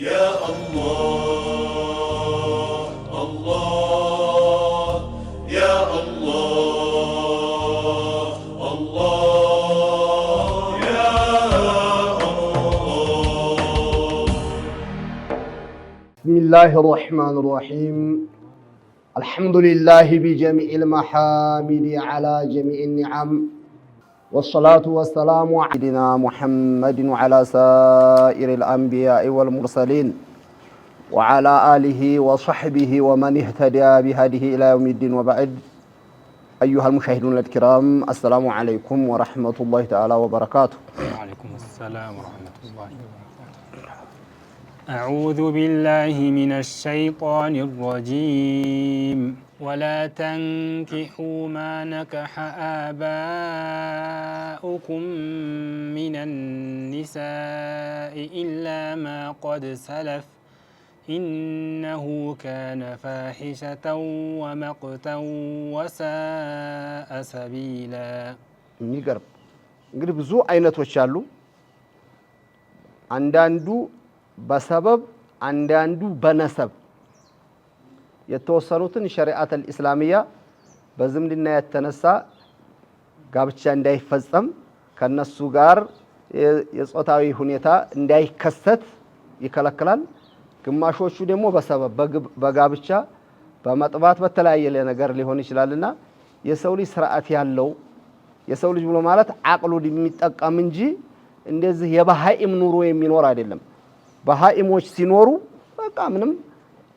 يا الله الله يا الله الله يا الله بسم الله الرحمن الرحيم الحمد لله بجميع المحامد على جميع النعم والصلاة والسلام على سيدنا محمد وعلى سائر الأنبياء والمرسلين وعلى آله وصحبه ومن اهتدى بهذه إلى يوم الدين وبعد أيها المشاهدون الكرام السلام عليكم ورحمة الله تعالى وبركاته وعليكم السلام ورحمة الله وبركاته أعوذ بالله من الشيطان الرجيم ولا تنكحوا ما نكح آباؤكم من النساء إلا ما قد سلف إنه كان فاحشة ومقتا وساء سبيلا نقرب نقرب زو እንግዲህ ብዙ عندان دو بسبب عندان دو بنسب የተወሰኑትን ሸሪዓተል ኢስላሚያ በዝምድና የተነሳ ጋብቻ እንዳይፈጸም ከነሱ ጋር የጾታዊ ሁኔታ እንዳይከሰት ይከለክላል። ግማሾቹ ደግሞ በሰበብ በጋብቻ በመጥባት በተለያየ ነገር ሊሆን ይችላልና የሰው ልጅ ስርዓት ያለው የሰው ልጅ ብሎ ማለት አቅሉ የሚጠቀም እንጂ እንደዚህ የባሃኢም ኑሮ የሚኖር አይደለም። በሃኢሞች ሲኖሩ በቃ ምንም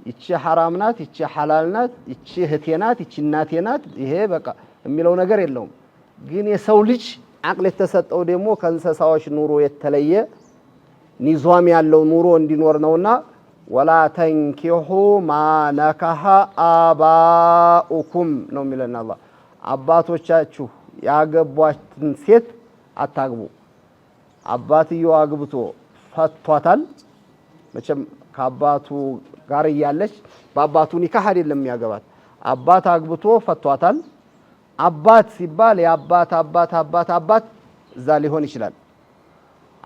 ይቺ ሐራም ናት፣ ይቺ ሐላል ናት፣ ይቺ እህቴ ናት፣ ይቺ እናቴ ናት፣ ይሄ በቃ የሚለው ነገር የለውም። ግን የሰው ልጅ አቅል የተሰጠው ደግሞ ከእንስሳዎች ኑሮ የተለየ ኒዟም ያለው ኑሮ እንዲኖር ነውና ወላ ተንኪሑ ማነካሃ አባኡኩም ነው የሚለን አላህ። አባቶቻችሁ ያገቧትን ሴት አታግቡ። አባትየው አግብቶ ፈቷታል መቼም ከአባቱ ጋር እያለች በአባቱ ኒካህ አይደለም የሚያገባት። አባት አግብቶ ፈቷታል። አባት ሲባል የአባት አባት አባት አባት እዛ ሊሆን ይችላል።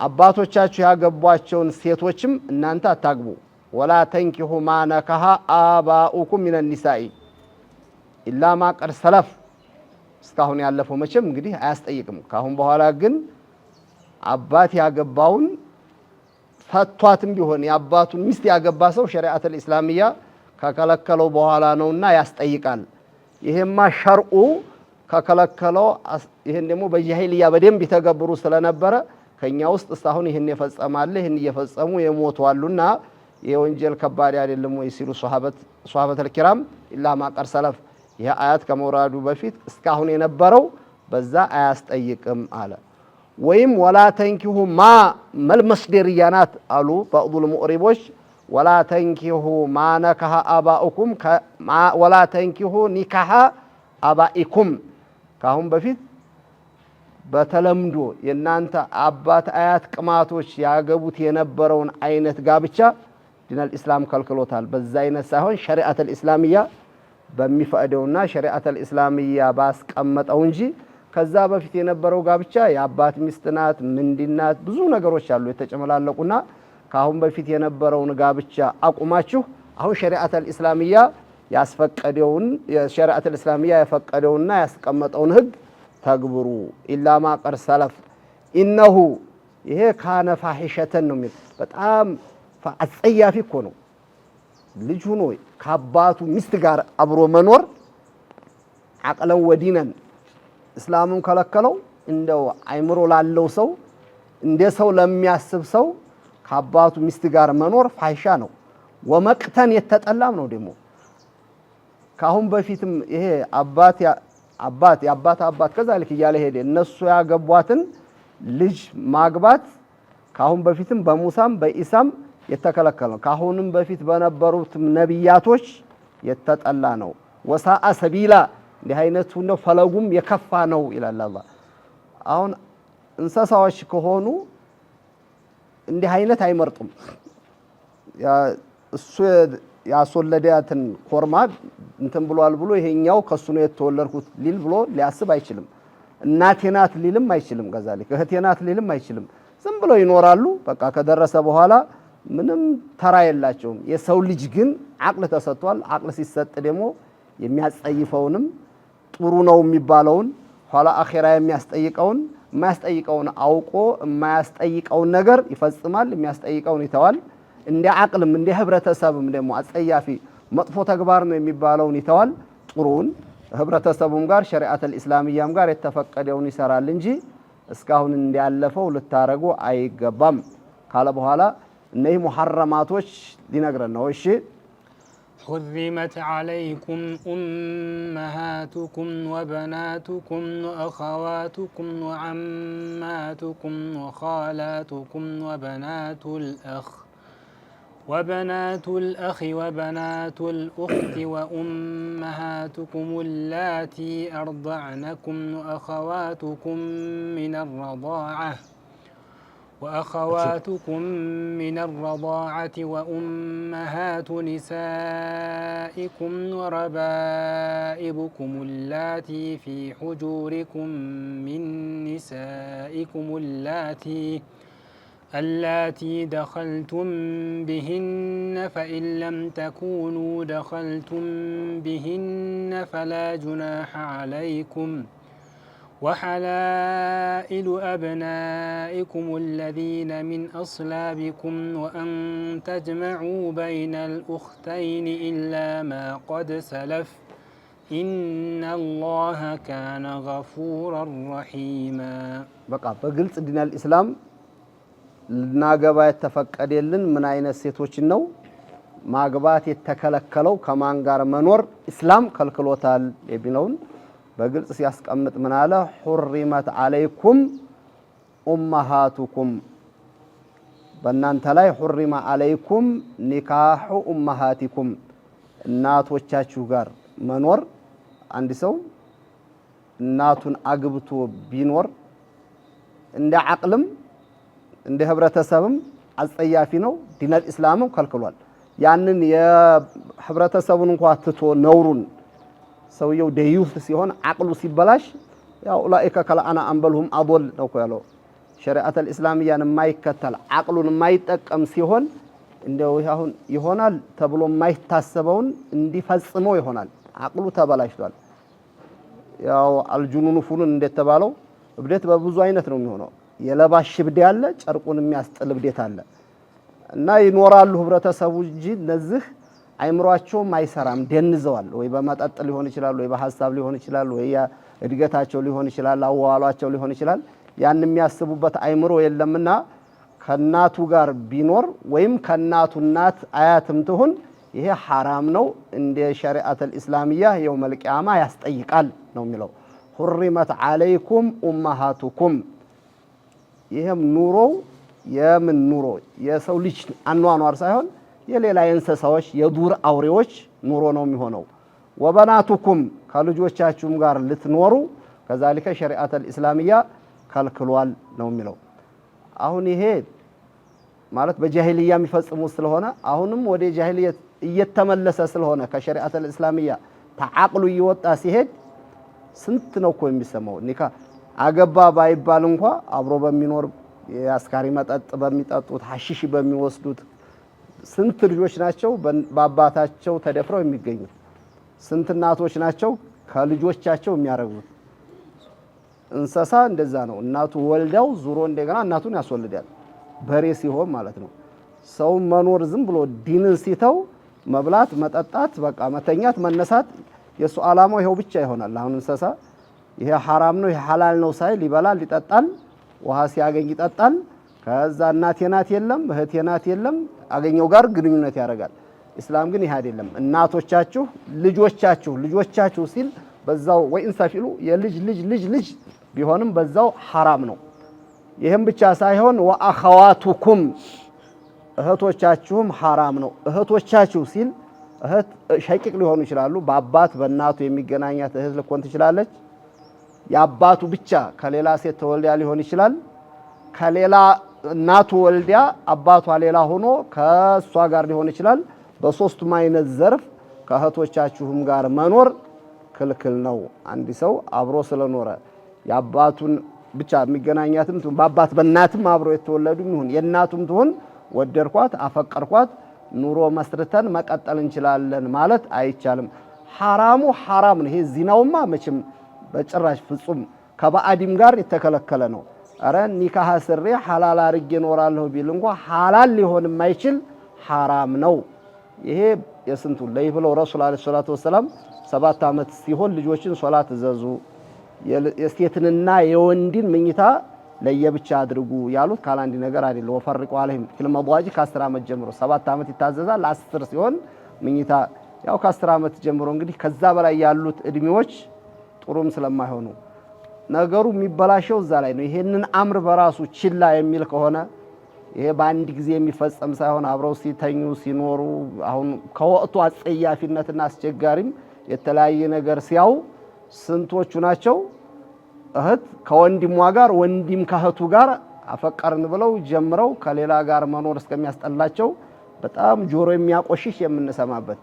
አባቶቻችሁ ያገቧቸውን ሴቶችም እናንተ አታግቡ። ወላ ተንኪሁ ማነካሃ አባኡኩም ሚነ ኒሳኢ ኢላ ማ ቀድ ሰለፍ። እስካሁን ያለፈው መቼም እንግዲህ አያስጠይቅም። ካሁን በኋላ ግን አባት ያገባውን ፈቷትም ቢሆን የአባቱን ሚስት ያገባ ሰው ሸሪዓተል ኢስላሚያ ከከለከለው በኋላ ነውና ያስጠይቃል። ይሄማ ሸርዑ ከከለከለው፣ ይህን ደግሞ በጃሂልያ በደንብ ይተገብሩ ስለነበረ ከኛ ውስጥ እስካሁን ይህን የፈጸማለ ይህን እየፈጸሙ የሞቷሉና የወንጀል ከባድ አይደለም ወይ ሲሉ ሶሐበተል ኪራም ኢላ ማቀር ሰለፍ ይህ አያት ከመውራዱ በፊት እስካሁን የነበረው በዛ አያስጠይቅም አለ። ወይም ወላ ተንኪሁ ማ መልመስዴርያ ናት አሉ በዕዱል ሙዕሪቦች። ወላ ተንኪሁ ማ ነካሃ አባኡኩም ወላ ተንኪሁ ኒካሃ አባኢኩም። ከአሁን በፊት በተለምዶ የእናንተ አባት አያት ቅማቶች ያገቡት የነበረውን አይነት ጋብቻ ዲነል ኢስላም ከልክሎታል። በዛ አይነት ሳይሆን ሸሪአተል ኢስላሚያ በሚፈቅደውና ሸሪአተል ኢስላሚያ ባስቀመጠው እንጂ ከዛ በፊት የነበረው ጋብቻ የአባት ሚስት ናት፣ ምንዲናት ብዙ ነገሮች አሉ የተጨመላለቁና ከአሁን በፊት የነበረውን ጋብቻ አቁማችሁ አሁን ሸሪአት ኢስላሚያ ያስፈቀደውን ሸሪዓተል ኢስላሚያ የፈቀደውና ያስቀመጠውን ህግ ተግብሩ። ኢላማ ቀር ሰለፍ ኢነሁ ይሄ ካነ ፋሒሸተን ነው የሚል በጣም አጸያፊ እኮ ነው። ልጅ ሁኖ ከአባቱ ሚስት ጋር አብሮ መኖር አቅለን ወዲነን እስላምም ከለከለው። እንደው አይምሮ ላለው ሰው እንደ ሰው ለሚያስብ ሰው ከአባቱ ሚስት ጋር መኖር ፋይሻ ነው፣ ወመቅተን የተጠላም ነው። ደግሞ ከአሁን በፊትም ይሄ አባት አባት የአባት አባት ከዛ ልክ እያለ ሄደ። እነሱ ያገቧትን ልጅ ማግባት ከአሁን በፊትም በሙሳም በኢሳም የተከለከለ ነው። ከአሁንም በፊት በነበሩትም ነቢያቶች የተጠላ ነው። ወሳአ ሰቢላ እንዲህ አይነቱ ነው ፈለጉም የከፋ ነው ይላል አላህ። አሁን እንስሳዎች ከሆኑ እንዲህ አይነት አይመርጡም። እሱ ያስወለዳትን ኮርማ እንትን ብሏል ብሎ ይሄኛው ከሱ ነው የተወለድኩት ሊል ብሎ ሊያስብ አይችልም። እናቴ ናት ሊልም አይችልም። ከዛሊክ እህቴ ናት ሊልም አይችልም። ዝም ብለው ይኖራሉ። በቃ ከደረሰ በኋላ ምንም ተራ የላቸውም። የሰው ልጅ ግን አቅል ተሰጥቷል። አቅል ሲሰጥ ደግሞ የሚያጸይፈውንም። ጥሩ ነው የሚባለውን ኋላ አኼራ የሚያስጠይቀውን የማያስጠይቀውን አውቆ የማያስጠይቀውን ነገር ይፈጽማል፣ የሚያስጠይቀውን ይተዋል። እንደ አቅልም እንደ ህብረተሰብም ደግሞ አጸያፊ መጥፎ ተግባር ነው የሚባለውን ይተዋል። ጥሩውን ህብረተሰቡም ጋር ሸሪዓተል ኢስላሚያም ጋር የተፈቀደውን ይሰራል እንጂ እስካሁን እንዲያለፈው ልታረጉ አይገባም ካለ በኋላ እነዚህ ሙሐረማቶች ሊነግረን ነው። እሺ حرمت عليكم أمهاتكم وبناتكم وأخواتكم وعماتكم وخالاتكم وبنات الأخ وبنات الأخ وبنات الأخت وأمهاتكم اللاتي أرضعنكم وأخواتكم من الرضاعة وأخواتكم من الرضاعة وأمهات نسائكم وربائبكم اللاتي في حجوركم من نسائكم اللاتي اللاتي دخلتم بهن فإن لم تكونوا دخلتم بهن فلا جناح عليكم ۖ وحلائل أبنائكم الذين من أصلابكم وأن تجمعوا بين الأختين إلا ما قد سلف إن الله كان غفورا رحيما بقى فقلت دين الإسلام يتفق ልናገባ የተፈቀደልን ምን አይነት ما ነው ማግባት የተከለከለው ከማን ጋር መኖር ኢስላም ከልክሎታል የሚለውን በግልጽ ሲያስቀምጥ ምን አለ? ሁሪመት አለይኩም ኡመሃቱኩም በእናንተ ላይ ሁሪማ አለይኩም ኒካሑ ኡመሃቲኩም እናቶቻችሁ ጋር መኖር። አንድ ሰው እናቱን አግብቶ ቢኖር እንደ አቅልም እንደ ህብረተሰብም አጸያፊ ነው። ዲነል ኢስላምም ከልክሏል። ያንን የህብረተሰቡን እንኳ ትቶ ነውሩን ሰውየው ደዩፍ ሲሆን አቅሉ ሲበላሽ ያው ኡላኢከ ከለአና አንበልሁም አቦል ነው እኮ ያለው። ሸሪዓተል ኢስላሚያን የማይከተል አቅሉን የማይጠቀም ሲሆን እንደው አሁን ይሆናል ተብሎ የማይታሰበውን እንዲፈጽመው ይሆናል። አቅሉ ተበላሽቷል። ያው አልጁኑኑ ፉኑን እንደተባለው እብደት በብዙ አይነት ነው የሚሆነው። የለባሽ እብዴ አለ፣ ጨርቁን የሚያስጥል እብዴት አለ እና ይኖራሉ ህብረተሰቡ እንጂ እነዚህ አይምሯቸውም አይሰራም፣ ደንዘዋል። ወይ በመጠጥ ሊሆን ይችላል፣ ወይ በሀሳብ ሊሆን ይችላል፣ ወይ እድገታቸው ሊሆን ይችላል፣ አዋዋሏቸው ሊሆን ይችላል። ያን የሚያስቡበት አይምሮ የለምና ከእናቱ ጋር ቢኖር ወይም ከእናቱ እናት አያትም ትሁን ይሄ ሐራም ነው። እንደ ሸሪአት ኢስላሚያ የውመል ቂያማ ያስጠይቃል ነው የሚለው። ሁሪመት አለይኩም ኡመሃቱኩም። ይሄም ኑሮው የምን ኑሮ የሰው ልጅ አኗኗር ሳይሆን የሌላ እንስሳዎች የዱር አውሬዎች ኑሮ ነው የሚሆነው። ወበናቱኩም ከልጆቻችሁም ጋር ልትኖሩ ከዛሊከ ሸሪዓተል ኢስላሚያ ከልክሏል ነው የሚለው። አሁን ይሄ ማለት በጃሂልያ የሚፈጽሙት ስለሆነ አሁንም ወደ ጃሂልያ እየተመለሰ ስለሆነ ከሸሪዓተል ኢስላሚያ ተዓቅሉ እየወጣ ሲሄድ ስንት ነው እኮ የሚሰማው። ኒካ አገባ ባይባል እንኳ አብሮ በሚኖር የአስካሪ መጠጥ በሚጠጡት ሐሺሽ በሚወስዱት ስንት ልጆች ናቸው በአባታቸው ተደፍረው የሚገኙት? ስንት እናቶች ናቸው ከልጆቻቸው የሚያረግዙት? እንስሳ እንደዛ ነው። እናቱ ወልዳው ዙሮ እንደገና እናቱን ያስወልዳል። በሬ ሲሆን ማለት ነው። ሰው መኖር ዝም ብሎ ዲንን ሲተው መብላት፣ መጠጣት፣ በቃ መተኛት፣ መነሳት የእሱ ዓላማው ይኸው ብቻ ይሆናል። አሁን እንስሳ ይሄ ሐራም ነው ይሄ ሐላል ነው ሳይል ይበላል፣ ይጠጣል፣ ውሃ ሲያገኝ ይጠጣል። ከዛ እናቴ ናት የለም እህቴ ናት የለም አገኘው ጋር ግንኙነት ያደርጋል። ኢስላም ግን ይህ አይደለም። እናቶቻችሁ ልጆቻችሁ ልጆቻችሁ ሲል በዛው ወይን ኢንሳፊሉ የልጅ ልጅ ልጅ ልጅ ቢሆንም በዛው ሐራም ነው። ይህም ብቻ ሳይሆን ወአኸዋቱኩም እህቶቻችሁም ሐራም ነው። እህቶቻችሁ ሲል እህት ሸቂቅ ሊሆኑ ይችላሉ። በአባት በእናቱ የሚገናኛት እህት ልኮን ትችላለች። የአባቱ ብቻ ከሌላ ሴት ተወልዳ ሊሆን ይችላል። ከሌላ እናቱ ወልዲያ አባቷ ሌላ ሆኖ ከእሷ ጋር ሊሆን ይችላል። በሶስቱም አይነት ዘርፍ ከእህቶቻችሁም ጋር መኖር ክልክል ነው። አንድ ሰው አብሮ ስለኖረ የአባቱን ብቻ የሚገናኛትም ትሁን በአባት በእናትም አብሮ የተወለዱም ይሁን የእናቱም ትሁን ወደድኳት፣ አፈቀርኳት ኑሮ መስርተን መቀጠል እንችላለን ማለት አይቻልም። ሐራሙ ሐራም ነው። ይሄ ዚናውማ መቼም በጭራሽ ፍጹም ከባዕዲም ጋር የተከለከለ ነው። አረ ኒካህ ስሬ ሐላል አድርጌ እኖራለሁ ቢል እንኳ ሐላል ሊሆን የማይችል ሐራም ነው። ይሄ የስንቱ ለይ ብለው ረሱል አለይሂ ሰላቱ ወሰላም ሰባት ዓመት ሲሆን ልጆችን ሶላት እዘዙ፣ የሴትንና የወንድን ምኝታ ለየብቻ አድርጉ ያሉት ካላንዲ ነገር አይደለም። ወፈርቁ አለህም ፊል መዳጅ ከአስር ዓመት ጀምሮ ሰባት ዓመት ይታዘዛል፣ አስር ሲሆን ምኝታ ያው ከአስር ዓመት ጀምሮ እንግዲህ ከዛ በላይ ያሉት እድሜዎች ጥሩም ስለማይሆኑ ነገሩ የሚበላሸው እዛ ላይ ነው። ይሄንን አምር በራሱ ችላ የሚል ከሆነ ይሄ በአንድ ጊዜ የሚፈጸም ሳይሆን አብረው ሲተኙ ሲኖሩ አሁን ከወቅቱ አጸያፊነትና አስቸጋሪም የተለያየ ነገር ሲያው ስንቶቹ ናቸው እህት ከወንድሟ ጋር ወንድም ከእህቱ ጋር አፈቀርን ብለው ጀምረው ከሌላ ጋር መኖር እስከሚያስጠላቸው በጣም ጆሮ የሚያቆሽሽ የምንሰማበት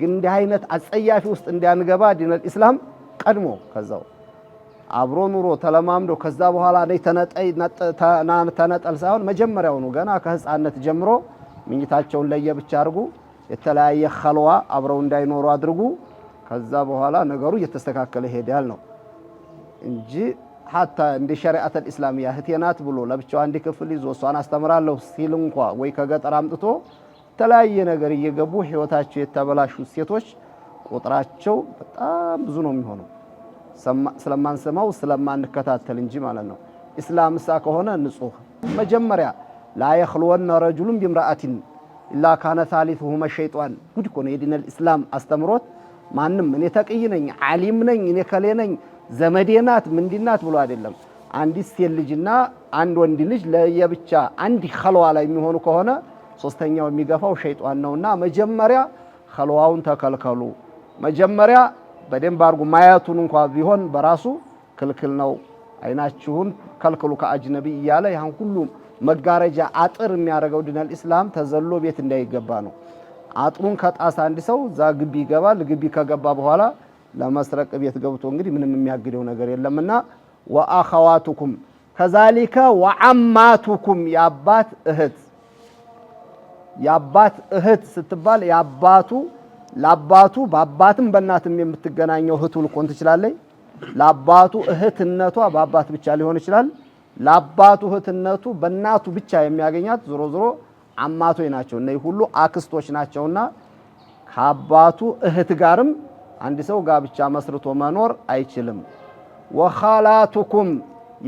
ግን እንዲህ አይነት አጸያፊ ውስጥ እንዲያንገባ ዲነል ኢስላም ቀድሞ ከዛው አብሮ ኑሮ ተለማምዶ ከዛ በኋላ ላይ ተነጠል ሳይሆን መጀመሪያውኑ ገና ከህፃነት ጀምሮ ምኝታቸውን ለየብቻ አድርጉ። የተለያየ ኸልዋ አብረው እንዳይኖሩ አድርጉ። ከዛ በኋላ ነገሩ እየተስተካከለ ይሄዳል ነው እንጂ ሐታ እንደ ሸሪአት ኢስላሚያ እህቴ ናት ብሎ ለብቻው አንድ ክፍል ይዞ እሷን አስተምራለሁ ሲል እንኳ ወይ ከገጠር አምጥቶ የተለያየ ነገር እየገቡ ህይወታቸው የተበላሹ ሴቶች ቁጥራቸው በጣም ብዙ ነው የሚሆነው። ስለማንሰማው ስለማንከታተል እንጂ ማለት ነው። ኢስላም ሳ ከሆነ ንጹህ መጀመሪያ ላየኽልወነ ረጁሉን ቢምርአቲን ኢላ ካነ ሳሊሱሁመ ሸይጧን ጉድ እኮ ነው የዲነል ኢስላም አስተምሮት። ማንም እኔ ተቅይ ነኝ ዓሊም ነኝ እኔ ከሌ ነኝ ዘመዴ ናት ምንዲናት ብሎ አይደለም። አንዲት ሴት ልጅና አንድ ወንድ ልጅ ለየብቻ አንድ ኸልዋ ላይ የሚሆኑ ከሆነ ሶስተኛው የሚገፋው ሸይጧን ነውና መጀመሪያ ኸልዋውን ተከልከሉ መጀመሪያ በደንብ አድርጉ። ማየቱን እንኳ ቢሆን በራሱ ክልክል ነው። አይናችሁን ከልክሉ ከአጅነቢ እያለ ያን ሁሉ መጋረጃ አጥር የሚያደርገው ዲነል ኢስላም ተዘሎ ቤት እንዳይገባ ነው። አጥሩን ከጣሳ አንድ ሰው እዛ ግቢ ይገባል። ግቢ ከገባ በኋላ ለመስረቅ ቤት ገብቶ እንግዲህ ምንም የሚያግደው ነገር የለምና ወአኸዋቱኩም ከዛሊከ ወአማቱኩም የአባት እህት የአባት እህት ስትባል የአባቱ ለአባቱ በአባትም በእናትም የምትገናኘው እህቱ ልኮን ትችላለች። ለአባቱ እህትነቷ በአባት ብቻ ሊሆን ይችላል። ለአባቱ እህትነቱ በእናቱ ብቻ የሚያገኛት ዞሮ ዞሮ አማቶች ናቸው። እነዚህ ሁሉ አክስቶች ናቸውና ከአባቱ እህት ጋርም አንድ ሰው ጋብቻ መስርቶ መኖር አይችልም። ወኻላቱኩም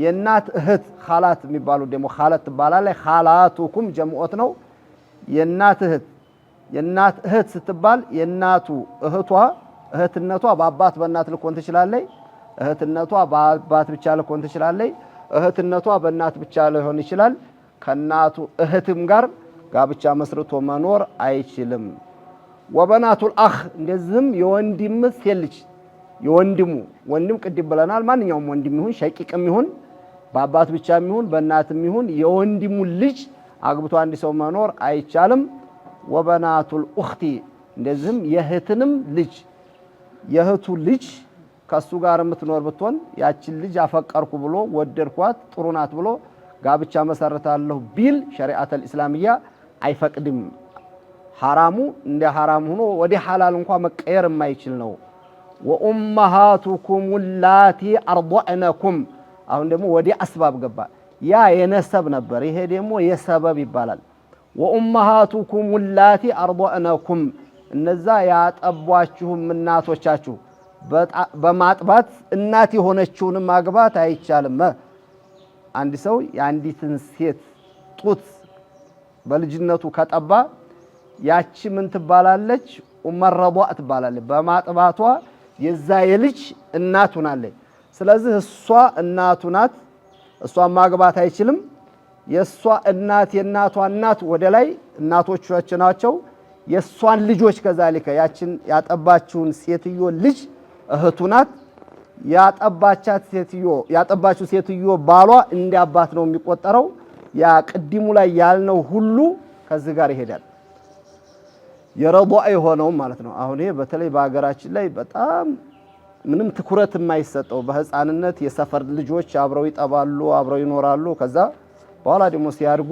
የእናት እህት ኻላት የሚባሉ ደግሞ ኻላት ትባላለች። ኻላቱኩም ጀምዖት ነው የእናት እህት የእናት እህት ስትባል የእናቱ እህቷ እህትነቷ በአባት በእናት ልኮን ትችላለች። እህትነቷ በአባት ብቻ ልኮን ትችላለች። እህትነቷ በእናት ብቻ ሊሆን ይችላል። ከእናቱ እህትም ጋር ጋብቻ መስርቶ መኖር አይችልም። ወበናቱል አኽ እንደዚህም የወንድም ሴት ልጅ የወንድሙ ወንድም ቅድም ብለናል። ማንኛውም ወንድም ይሁን ሸቂቅም ይሁን በአባት ብቻም ይሁን በእናትም ይሁን የወንድሙ ልጅ አግብቶ አንድ ሰው መኖር አይቻልም። ወበናቱል ኡኽቲ እንደዚህም የእህትንም ልጅ የእህቱ ልጅ ከሱ ጋር የምትኖር ብትሆን ያችን ልጅ አፈቀርኩ ብሎ ወደድኳት ጥሩ ናት ብሎ ጋብቻ መሰረታለሁ ቢል ሸሪዓተል ኢስላምያ አይፈቅድም። ሐራሙ እንደ ሐራም ሆኖ ወደ ሐላል እንኳ መቀየር የማይችል ነው። ወኡመሃቱኩም ላቲ አርضዕነኩም። አሁን ደግሞ ወደ አስባብ ገባ። ያ የነሰብ ነበር፣ ይሄ ደግሞ የሰበብ ይባላል። ወኡመሃቱኩም ላቲ አርዶእነኩም እነዛ ያጠቧችሁም እናቶቻችሁ በማጥባት እናት የሆነችውን ማግባት አይቻልም። አንድ ሰው የአንዲትን ሴት ጡት በልጅነቱ ከጠባ ያቺ ምን ትባላለች? ኡመረቧ ትባላለች። በማጥባቷ የዛ የልጅ እናቱ ናለች። ስለዚህ እሷ እናቱ ናት። እሷን ማግባት አይችልም። የእሷ እናት የእናቷ እናት ወደ ላይ እናቶች ናቸው። የእሷን ልጆች ከዛሊከ ያችን ያጠባችውን ሴትዮ ልጅ እህቱ ናት። ያጠባቻት ሴትዮ ያጠባችው ሴትዮ ባሏ እንደ አባት ነው የሚቆጠረው። ያ ቅድሙ ላይ ያልነው ሁሉ ከዚህ ጋር ይሄዳል። የረዷ የሆነውም ማለት ነው። አሁን ይሄ በተለይ በሀገራችን ላይ በጣም ምንም ትኩረት የማይሰጠው በህፃንነት የሰፈር ልጆች አብረው ይጠባሉ፣ አብረው ይኖራሉ ከዛ በኋላ ደግሞ ሲያድጉ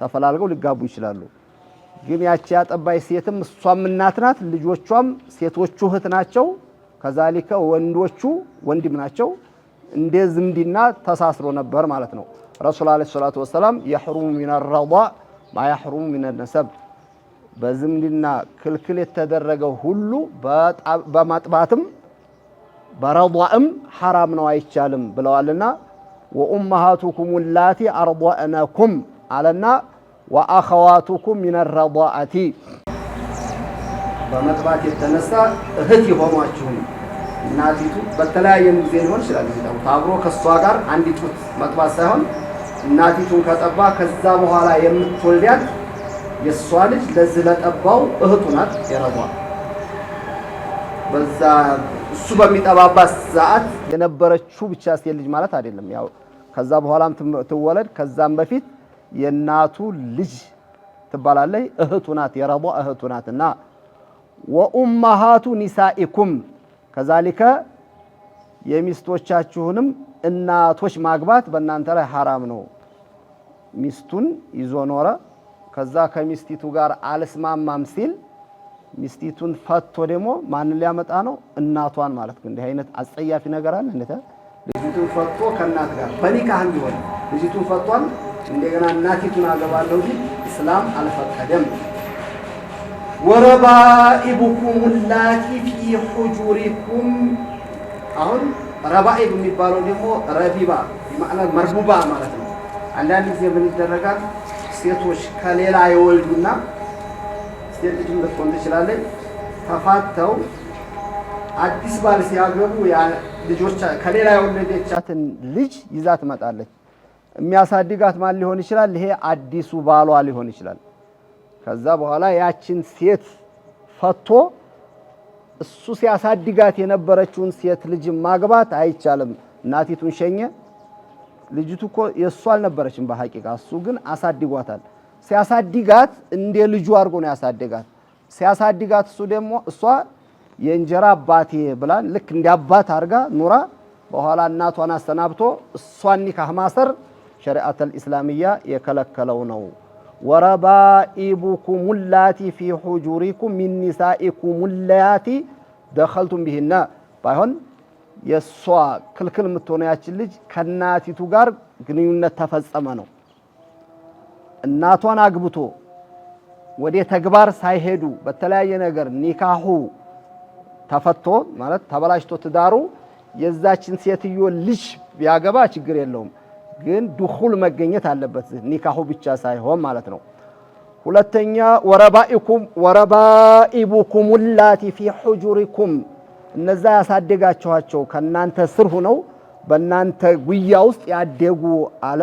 ተፈላልገው ሊጋቡ ይችላሉ። ግን ያቺ ያጠባይ ሴትም እሷም እናት ናት፣ ልጆቿም ሴቶቹ እህት ናቸው። ከዛሊከ ወንዶቹ ወንድም ናቸው። እንደ ዝምድና ተሳስሮ ነበር ማለት ነው። ረሱል ዓለይሂ ሰላቱ ወሰላም የሕሩሙ ሚን ረዳ ማ የሕሩሙ ሚን ነሰብ፣ በዝምድና ክልክል የተደረገው ሁሉ በማጥባትም በረዳእም ሐራም ነው አይቻልም ብለዋልና ወኡመሃቱኩም ላቲ አርضአነኩም አለና ወአኸዋቱኩም ሚነ ረዳአቲ በመጥባት የተነሳ እህት የሆኗችሁን እናቲቱ በተለያየም ጊዜ ሊሆን ይችላል። የሚጠቡት አብሮ ከእሷ ጋር አንድ ጡት መጥባት ሳይሆን እናቲቱን ከጠባ ከዛ በኋላ የምትወልዳት የእሷ ልጅ ለዚህ ለጠባው እህቱ ናት። የረቧ በዛ እሱ በሚጠባባት ሰዓት የነበረችው ብቻ ሴት ልጅ ማለት አይደለም ያው ከዛ በኋላም ትወለድ ከዛም በፊት የእናቱ ልጅ ትባላለች። እህቱ ናት፣ የረቧ እህቱ ናትና ወኡመሃቱ ኒሳኢኩም ከዛሊከ የሚስቶቻችሁንም እናቶች ማግባት በእናንተ ላይ ሐራም ነው። ሚስቱን ይዞ ኖረ። ከዛ ከሚስቲቱ ጋር አልስማማም ሲል ሚስቲቱን ፈቶ ደግሞ ማንን ሊያመጣ ነው? እናቷን ማለት። እንዲህ አይነት አጸያፊ ነገር አለ። ልጅቱን ፈቶ ከእናት ጋር በኒካህ ቢሆን ልጅቱን ፈቷል። እንደገና እናቲቱን አገባለሁ እንጂ እስላም አልፈቀደም። ወረባኢቡኩም ላቲ ፊ ሑጁሪኩም አሁን ረባኢብ የሚባለው ደግሞ ረቢባ ማዕና መርቡባ ማለት ነው። አንዳንድ ጊዜ ምን ይደረጋል? ሴቶች ከሌላ የወልዱና ሴት ልጅ ልትሆን ትችላለች ተፋተው አዲስ ባል ሲያገቡ ልጆች ከሌላ የወለደቻትን ልጅ ይዛ ትመጣለች። የሚያሳድጋት ማን ሊሆን ይችላል? ይሄ አዲሱ ባሏ ሊሆን ይችላል። ከዛ በኋላ ያችን ሴት ፈቶ እሱ ሲያሳድጋት የነበረችውን ሴት ልጅ ማግባት አይቻልም። እናቲቱን ሸኘ። ልጅቱ እኮ የእሱ አልነበረችም በሐቂቃ እሱ ግን አሳድጓታል። ሲያሳድጋት እንደ ልጁ አድርጎ ነው ያሳደጋት። ሲያሳድጋት እሱ ደግሞ እሷ የእንጀራ አባቴ ብላን ልክ እንደ አባት አድርጋ ኑራ በኋላ እናቷን አሰናብቶ እሷን ኒካህ ማሰር ሸሪአተ ኢስላሚያ የከለከለው ነው። ወረባኢቡኩም ላቲ ፊ ሑጁሪኩም ሚን ኒሳኢኩም ላቲ ደኸልቱም ቢሂና ባይሆን የእሷ ክልክል የምትሆነ ያችን ልጅ ከእናቲቱ ጋር ግንኙነት ተፈጸመ ነው። እናቷን አግብቶ ወደ ተግባር ሳይሄዱ በተለያየ ነገር ኒካሁ ተፈቶ ማለት ተበላሽቶ ትዳሩ የዛችን ሴትዮ ልጅ ቢያገባ ችግር የለውም፣ ግን ድኹል መገኘት አለበት ኒካሁ ብቻ ሳይሆን ማለት ነው። ሁለተኛ ወረባኢቡኩም ላቲ ፊ ሑጁሪኩም እነዛ ያሳደጋችኋቸው ከእናንተ ስር ሁነው በእናንተ ጉያ ውስጥ ያደጉ አለ።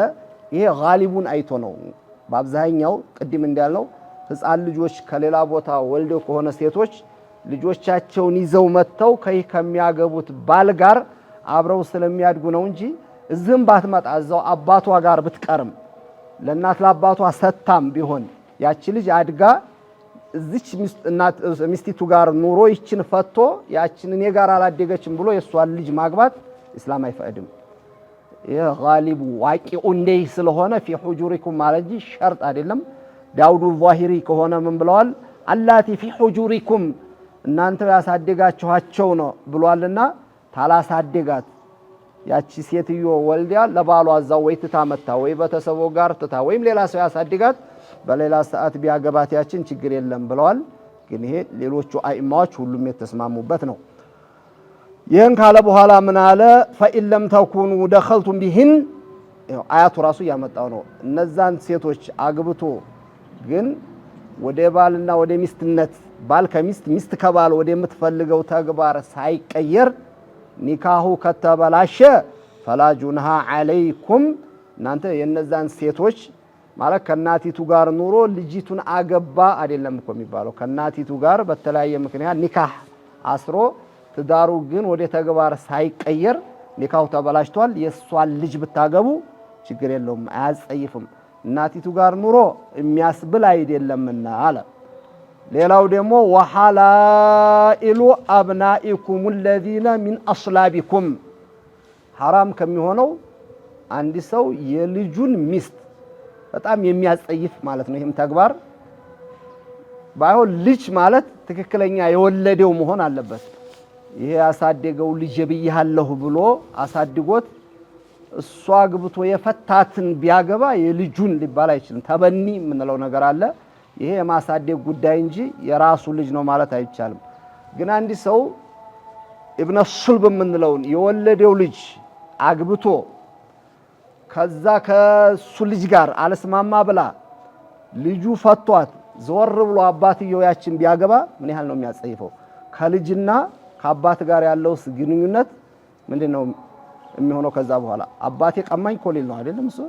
ይሄ ጋሊቡን አይቶ ነው። በአብዛኛው ቅድም እንዳልነው ህፃን ልጆች ከሌላ ቦታ ወልደው ከሆነ ሴቶች ልጆቻቸውን ይዘው መጥተው ከይህ ከሚያገቡት ባል ጋር አብረው ስለሚያድጉ ነው እንጂ እዚህም ባትመጣ እዛው አባቷ ጋር ብትቀርም ለእናት ለአባቷ ሰታም ቢሆን ያቺ ልጅ አድጋ እዚች ሚስቲቱ ጋር ኑሮ ይችን ፈቶ ያችን እኔ ጋር አላደገችም ብሎ የእሷን ልጅ ማግባት እስላም አይፈቅድም። ይህ ዋቂኡ እንደይህ ስለሆነ ፊ ሑጁሪኩም ማለት እንጂ ሸርጥ አይደለም። ዳውዱ ዛሂሪ ከሆነ ምን ብለዋል? አላቲ ፊ ሑጁሪኩም እናንተ ያሳደጋችኋቸው ነው ብሏልና ታላሳደጋት ያቺ ሴትዮ ወልዲያ ለባሏ አዛው ወይ ትታ መታ ወይ ቤተሰቦ ጋር ትታ ወይም ሌላ ሰው ያሳድጋት በሌላ ሰዓት ቢያገባት ያችን ችግር የለም ብለዋል። ግን ይሄ ሌሎቹ አይማዎች ሁሉም የተስማሙበት ነው። ይህን ካለ በኋላ ምን አለ? ፈኢን ለም ተኩኑ ደኸልቱም ቢህን አያቱ ራሱ እያመጣው ነው። እነዛን ሴቶች አግብቶ ግን ወደ ባልና ወደ ሚስትነት ባል ከሚስት ሚስት ከባል ወደምትፈልገው ተግባር ሳይቀየር ኒካሁ ከተበላሸ ፈላ ጁንሃ ዓለይኩም እናንተ የነዛን ሴቶች ማለት ከእናቲቱ ጋር ኑሮ ልጅቱን አገባ አይደለም እኮ የሚባለው። ከእናቲቱ ጋር በተለያየ ምክንያት ኒካህ አስሮ ትዳሩ ግን ወደ ተግባር ሳይቀየር ኒካሁ ተበላሽቷል። የእሷን ልጅ ብታገቡ ችግር የለውም አያጸይፍም። እናቲቱ ጋር ኑሮ የሚያስብል አይደለምና አለ። ሌላው ደግሞ ወሐላኢሉ አብናኢኩም ለዚነ ሚን አስላቢኩም ሐራም ከሚሆነው አንድ ሰው የልጁን ሚስት በጣም የሚያስጠይፍ ማለት ነው። ይህም ተግባር ባይሆን ልጅ ማለት ትክክለኛ የወለደው መሆን አለበት። ይሄ ያሳደገው ልጅ ብያለሁ ብሎ አሳድጎት እሷ አግብቶ የፈታትን ቢያገባ የልጁን ሊባል አይችልም። ተበኒ የምንለው ነገር አለ። ይሄ የማሳደግ ጉዳይ እንጂ የራሱ ልጅ ነው ማለት አይቻልም። ግን አንድ ሰው ኢብነ ሱልብ የምንለውን የወለደው ልጅ አግብቶ ከዛ ከሱ ልጅ ጋር አልስማማ ብላ ልጁ ፈቷት ዘወር ብሎ አባትየው ያችን ቢያገባ ምን ያህል ነው የሚያጸይፈው? ከልጅና ከአባት ጋር ያለውስ ግንኙነት ምንድን ነው የሚሆነው? ከዛ በኋላ አባቴ ቀማኝ ኮሌል ነው አይደለም እሱ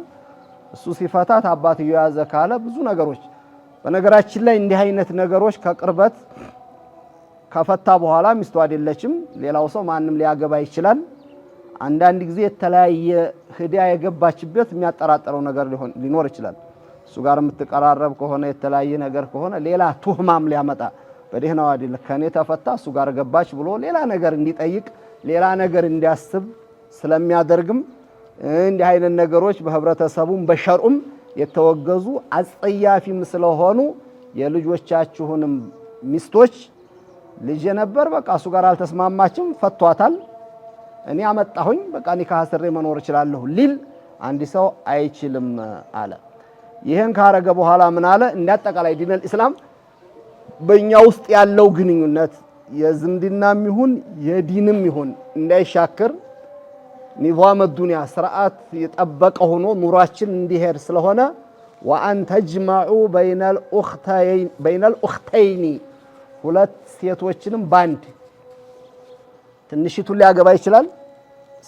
እሱ ሲፈታት አባትየው ያዘ ካለ ብዙ ነገሮች በነገራችን ላይ እንዲህ አይነት ነገሮች ከቅርበት ከፈታ በኋላ ሚስቱ አይደለችም፣ ሌላው ሰው ማንም ሊያገባ ይችላል። አንዳንድ ጊዜ የተለያየ ህዳ የገባችበት የሚያጠራጥረው ነገር ሊኖር ይችላል። እሱ ጋር የምትቀራረብ ከሆነ የተለያየ ነገር ከሆነ ሌላ ቱህማም ሊያመጣ በደህናው አይደለ ከኔ ተፈታ እሱ ጋር ገባች ብሎ ሌላ ነገር እንዲጠይቅ ሌላ ነገር እንዲያስብ ስለሚያደርግም እንዲህ አይነት ነገሮች በህብረተሰቡም በሸርኡም የተወገዙ አጸያፊም ስለሆኑ የልጆቻችሁንም ሚስቶች ልጅ ነበር፣ በቃ እሱ ጋር አልተስማማችም፣ ፈቷታል፣ እኔ አመጣሁኝ፣ በቃ ኒካህ አስሬ መኖር እችላለሁ ሊል አንድ ሰው አይችልም አለ። ይህን ካረገ በኋላ ምን አለ? እንደ አጠቃላይ ዲነል ኢስላም በእኛ ውስጥ ያለው ግንኙነት የዝምድናም ይሁን የዲንም ይሁን እንዳይሻክር ኒዛመ ዱንያ ስርዓት የጠበቀ ሆኖ ኑሯችን እንዲሄድ ስለሆነ ወአን ተጅመዑ በይነል ኡኽተይኒ ሁለት ሴቶችንም ባንድ ትንሽቱን ሊያገባ ይችላል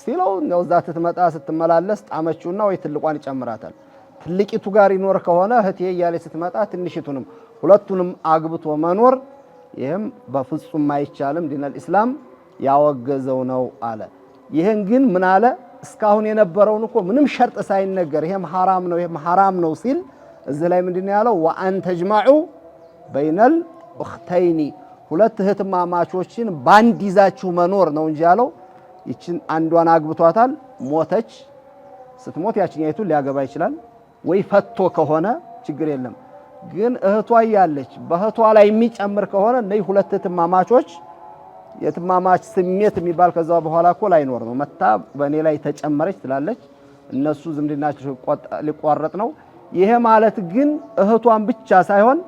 ሲለው እንደው እዛ ስትመጣ ስትመላለስ ጣመችውና ወይ ትልቋን ይጨምራታል። ትልቂቱ ጋር ይኖር ከሆነ እህቴ እያለች ስትመጣ ትንሽቱንም ሁለቱንም አግብቶ መኖር ይህም በፍጹም አይቻልም፣ ዲነል ኢስላም ያወገዘው ነው አለ። ይህን ግን ምን አለ? እስካሁን የነበረውን እኮ ምንም ሸርጥ ሳይነገር ይሄም ሐራም ነው ይሄም ሐራም ነው ሲል እዚህ ላይ ምንድን ነው ያለው? ወአን ተጅማዑ በይነል ኡኽተይኒ ሁለት እህትማማቾችን ባንድ ይዛችሁ መኖር ነው እንጂ ያለው ይችን አንዷን አግብቷታል፣ ሞተች። ስትሞት ያችኛይቱን ሊያገባ ይችላል ወይ ፈቶ ከሆነ ችግር የለም። ግን እህቷ እያለች በእህቷ ላይ የሚጨምር ከሆነ እነዚህ ሁለት እህትማማቾች የትማማች ስሜት የሚባል ከዛ በኋላ እኮ ላይኖር ነው። መታ በእኔ ላይ ተጨመረች ትላለች። እነሱ ዝምድናቸው ሊቋረጥ ነው። ይሄ ማለት ግን እህቷን ብቻ ሳይሆን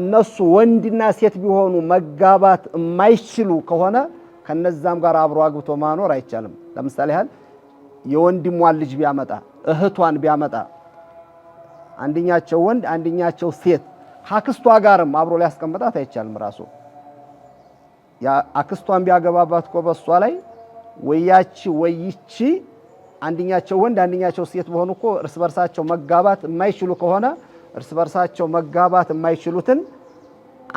እነሱ ወንድና ሴት ቢሆኑ መጋባት የማይችሉ ከሆነ ከነዛም ጋር አብሮ አግብቶ ማኖር አይቻልም። ለምሳሌ ያህል የወንድሟን ልጅ ቢያመጣ እህቷን ቢያመጣ አንደኛቸው ወንድ አንደኛቸው ሴት ከአክስቷ ጋርም አብሮ ሊያስቀምጣት አይቻልም ራሱ አክስቷን ቢያገባባት እኮ በሷ ላይ ወያቺ ወይቺ አንድኛቸው ወንድ አንድኛቸው ሴት በሆኑ እኮ እርስ በርሳቸው መጋባት የማይችሉ ከሆነ እርስ በርሳቸው መጋባት የማይችሉትን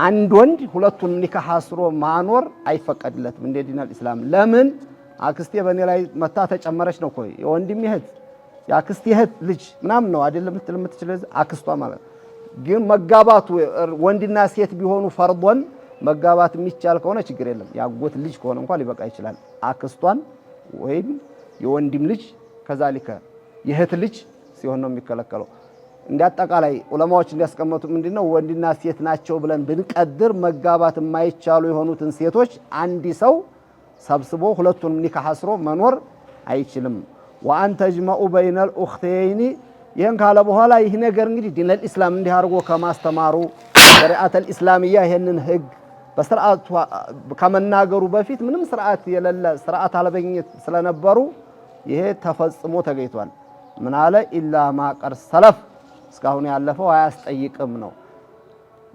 አንድ ወንድ ሁለቱን ኒካህ አስሮ ማኖር አይፈቀድለትም። እንደ ዲን ኢስላም ለምን አክስቴ በእኔ ላይ መታ ተጨመረች ነው እኮ የወንድም እህት የአክስቴ እህት ልጅ ምናምን ነው አይደለም ልትል የምትችል አክስቷ ማለት ግን መጋባቱ ወንድና ሴት ቢሆኑ ፈርዶን መጋባት የሚቻል ከሆነ ችግር የለም። የአጎት ልጅ ከሆነ እንኳን ሊበቃ ይችላል። አክስቷን ወይም የወንድም ልጅ ከዛሊከ የእህት ልጅ ሲሆን ነው የሚከለከለው። እንደ አጠቃላይ ዑለማዎች እንዲያስቀመጡ ምንድነው ወንድና ሴት ናቸው ብለን ብንቀድር መጋባት የማይቻሉ የሆኑትን ሴቶች አንድ ሰው ሰብስቦ ሁለቱንም ኒካህ አስሮ መኖር አይችልም። ወአን ተጅመኡ በይነል ኡኽተይኒ ይህን ካለ በኋላ ይህ ነገር እንግዲህ ዲነል ኢስላም እንዲህ አድርጎ ከማስተማሩ ሸሪዓተል ኢስላምያ ይህንን ህግ በስርዓቱ ከመናገሩ በፊት ምንም ስርዓት የሌለ ስርዓት አልበኝት ስለነበሩ ይሄ ተፈጽሞ ተገኝቷል። ምን አለ ኢላ ማቀር ሰለፍ እስካሁን ያለፈው አያስጠይቅም ነው።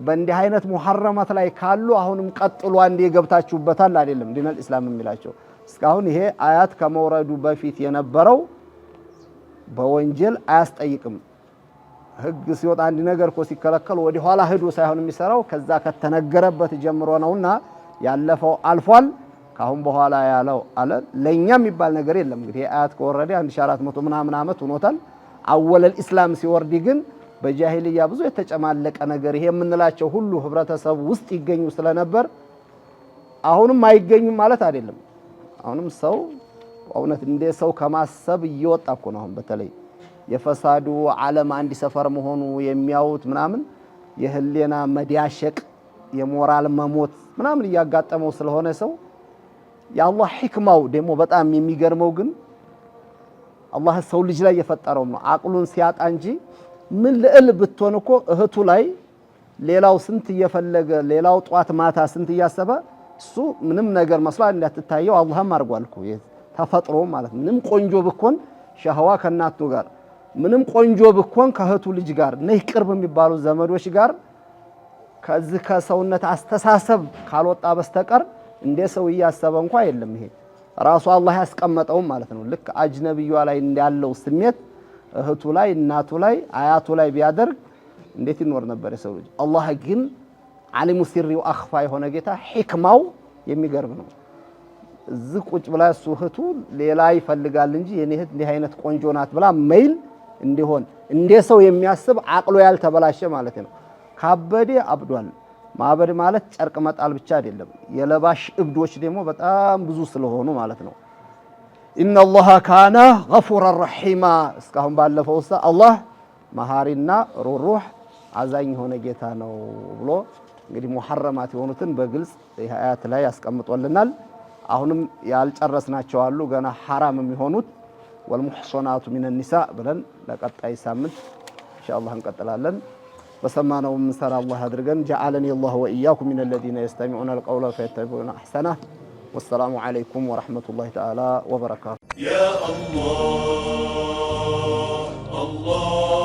በእንዲህ አይነት ሙሐረማት ላይ ካሉ አሁንም ቀጥሉ፣ አንዴ ገብታችሁበታል አይደለም ዲነል ኢስላም የሚላቸው እስካሁን ይሄ አያት ከመውረዱ በፊት የነበረው በወንጀል አያስጠይቅም። ህግ ሲወጣ አንድ ነገር እኮ ሲከለከል ወደ ኋላ ሂዶ ሳይሆን የሚሰራው ከዛ ከተነገረበት ጀምሮ ነውና ያለፈው አልፏል። ካሁን በኋላ ያለው አለ ለኛ የሚባል ነገር የለም። እንግዲህ አያት ከወረደ 1400 ምናምን ዓመት ሆኖታል። አወለል ኢስላም ሲወርድ ግን በጃሂልያ ብዙ የተጨማለቀ ነገር ይሄ የምንላቸው ሁሉ ህብረተሰብ ውስጥ ይገኙ ስለነበር አሁንም አይገኙም ማለት አይደለም። አሁንም ሰው እውነት እንደ ሰው ከማሰብ እየወጣ እኮ ነው አሁን በተለይ የፈሳዱ ዓለም አንድ ሰፈር መሆኑ የሚያዩት ምናምን የህሌና መዳሸቅ የሞራል መሞት ምናምን እያጋጠመው ስለሆነ ሰው የአላህ ሕክማው ደግሞ በጣም የሚገርመው ግን አላህ ሰው ልጅ ላይ የፈጠረው ነው። አቅሉን ሲያጣ እንጂ ምን ልዕል ብትሆን እኮ እህቱ ላይ ሌላው ስንት እየፈለገ ሌላው ጧት ማታ ስንት እያሰበ እሱ ምንም ነገር መስላ እንዳትታየው አላህም አድርጓል እኮ ተፈጥሮ ማለት ምንም ቆንጆ ብኮን ሸህዋ ከእናቱ ጋር ምንም ቆንጆ ብኮን ከእህቱ ልጅ ጋር ነህ ቅርብ የሚባሉ ዘመዶች ጋር ከዚህ ከሰውነት አስተሳሰብ ካልወጣ በስተቀር እንደ ሰው እያሰበ እንኳ የለም። ይሄ ራሱ አላህ ያስቀመጠውም ማለት ነው። ልክ አጅነብዩ ላይ እንዳለው ስሜት እህቱ ላይ፣ እናቱ ላይ፣ አያቱ ላይ ቢያደርግ እንዴት ይኖር ነበር የሰው ልጅ? አላህ ግን ዓሊሙ ሲሪው አኽፋ የሆነ ጌታ ሒክማው የሚገርም ነው። እዚህ ቁጭ ብላ እሱ እህቱ ሌላ ይፈልጋል እንጂ የኔ እህት እንዲህ አይነት ቆንጆ ናት ብላ መይል እንዲሆን እንደ ሰው የሚያስብ አቅሎ ያልተበላሸ ማለት ነው። ካበዴ አብዷል። ማበድ ማለት ጨርቅ መጣል ብቻ አይደለም። የለባሽ እብዶች ደግሞ በጣም ብዙ ስለሆኑ ማለት ነው። ኢነላሃ ካነ ገፉራን ረሒማ እስካሁን ባለፈው አላህ መሀሪና ሩህሩህ አዛኝ የሆነ ጌታ ነው ብሎ እንግዲህ ሙሐረማት የሆኑትን በግልጽ ይህ አያት ላይ ያስቀምጦልናል። አሁንም ያልጨረስናቸው አሉ ገና ሐራም የሚሆኑት والمحصنات من النساء بلن لقد أي سامن إن شاء الله نقتل لن بسمعنا ومن سر الله أدرقن جعلني الله وإياكم من الذين يستمعون القول فيتبعون أحسنه والسلام عليكم ورحمة الله تعالى وبركاته يا الله الله